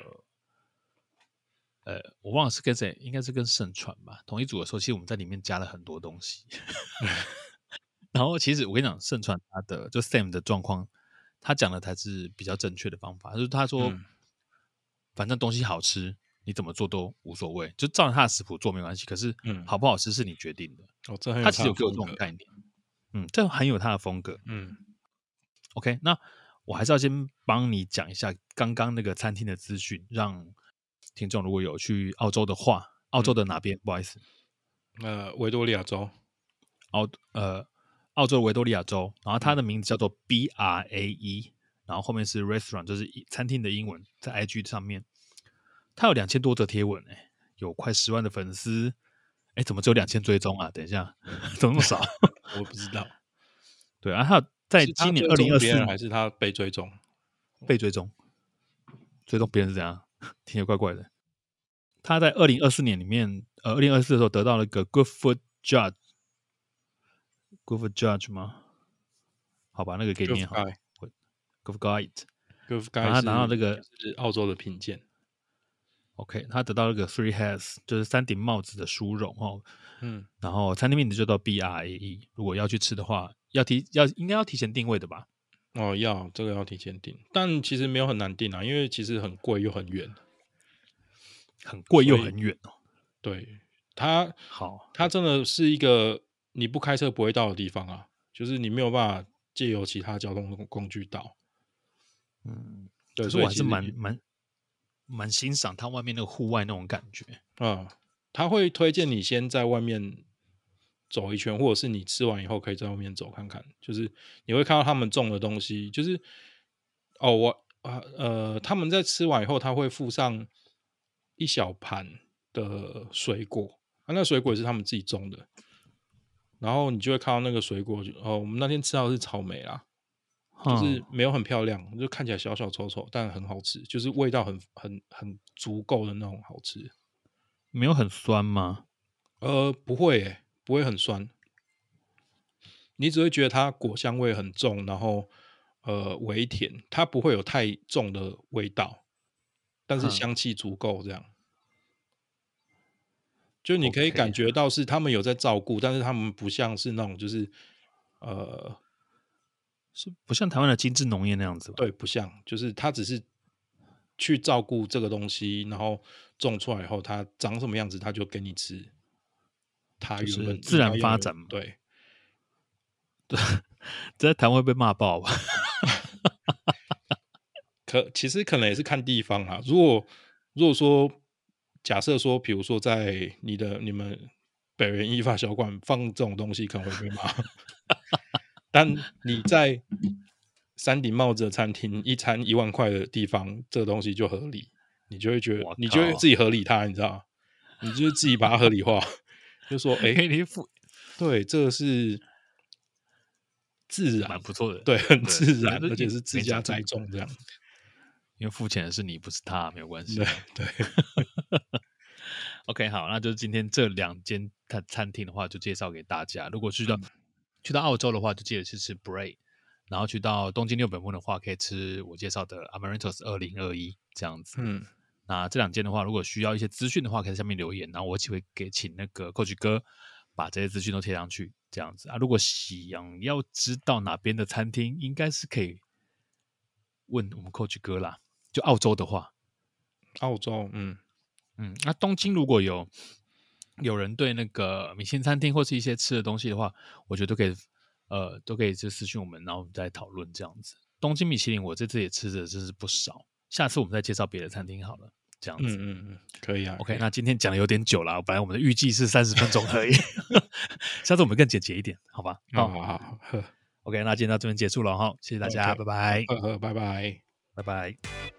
呃，我忘了是跟誰，應該是跟盛傳吧，同一組的時候，其實我們在裡面加了很多東西。 然後其實我跟你講，盛傳他的就 Sam 的狀況，他講的才是比較正確的方法。就是他說、嗯，反正東西好吃，你怎麼做都無所謂，就照着他的食譜做沒關係。可是好不好吃是你決定的。嗯哦、他，的他其實有有給我這種概念。嗯，這很有他的風格。嗯，OK，那我還是要先幫你講一下剛剛那個餐廳的資訊，讓聽眾如果有去澳洲的話，澳洲的哪邊？不好意思，呃，維多利亞州，澳呃，澳洲維多利亞州。然後他的名字叫做 BRAE，然後後面是 Restaurant，就是餐廳的英文。在 IG 上面，他有兩千多則貼文、欸，哎，有快十萬的粉絲，哎，怎麼只有兩千追蹤啊？等一下、嗯，怎麼那麼少？我不知道。 對啊，他在今年二零二四還是他被追蹤？被追蹤？追蹤別人是怎樣？挺奇怪怪的，他在二零二四年裡面，呃，二零二四的時候得到了一個 Good Food Judge，Good Food Judge 嗎？好吧，那個給你。好。Good Guide，Good Guide，他拿到這個是澳洲的品鑑。OK，他得到了個 Three Hats，就是三頂帽子的殊榮哦。嗯，然後餐廳名字就叫 B R A E，如果要去吃的話，要提要應該要提前定位的吧。哦，要，這個要提前訂，但其實沒有很難訂啊，因為其實很貴又很遠，很貴又很遠哦。對，它好，它真的是一個你不開車不會到的地方啊，就是你沒有辦法借由其他交通工具到。嗯，對，所以我還是蠻蠻蠻欣賞它外面那個戶外那種感覺。嗯，它會推薦你先在外面走一圈，或者是你吃完以後可以在外面走看看，就是你會看到他們種的東西，就是哦，我啊呃，他們在吃完以後，他會附上一小盤的水果啊，那水果也是他們自己種的，然後你就會看到那個水果，哦，我們那天吃到的是草莓啦、嗯，就是沒有很漂亮，就看起來小小醜醜，但很好吃，就是味道很很很足夠的那種好吃，沒有很酸嗎？呃，不會誒、欸。不會很酸，你只會覺得它果香味很重，然後呃微甜，它不會有太重的味道，但是香氣足夠這樣。嗯、就你可以感覺到是他們有在照顧，Okay、但是他們不像是那種就是呃是不像台灣的精致農業那樣子吧？對，不像，就是他只是去照顧這個東西，然後種出來以後它長什麼樣子，他就給你吃。他、就是自然發展，對，對， 這在台灣會被罵爆吧？ 可其實可能也是看地方啊。如果如果說假設說，比如說在你的你們北園一發小館放這種東西，可能會被罵。 但你在三頂帽子的餐廳，一餐一萬塊的地方，這個、東西就合理，你就會覺得，你就會自己合理它，你知道？你就自己把它合理化。 就說哎、欸，你付 對，這是自然，蠻不錯的，對，很自然，而且是自家栽種這樣。因為付錢的是你，不是他，沒有關係。對，對 ，OK，好，那就是今天這兩間餐廳的話，就介紹給大家。如果去到、嗯、去到澳洲的話，就記得去吃 Brae，然後去到東京六本木的話，可以吃我介紹的 Amaretos 二零、嗯、二一這樣子。嗯。那、啊、這兩間的話，如果需要一些資訊的話，可以在下面留言，然後我就會給請那個 Koji 哥把這些資訊都貼上去，這樣子啊。如果想要要知道哪邊的餐廳，應該是可以問我們 Koji 哥啦。就澳洲的話，澳洲，嗯嗯，那、啊、東京如果有有人對那個米其林餐廳或是一些吃的東西的話，我覺得都可以，呃，都可以就私訊我們，然後我們再討論這樣子。東京米其林，我這次也吃的真是不少。下次我們再介紹別的餐廳好了，這樣子，嗯嗯可以啊。OK，那今天講的有點久了，本來我們的預計是三十分鐘而已， 下次我們更簡潔一點，好吧？好、嗯，好、哦嗯，OK，那今天到這邊結束了哈，謝謝大家 OK，拜拜呵呵，拜拜，拜拜，拜拜。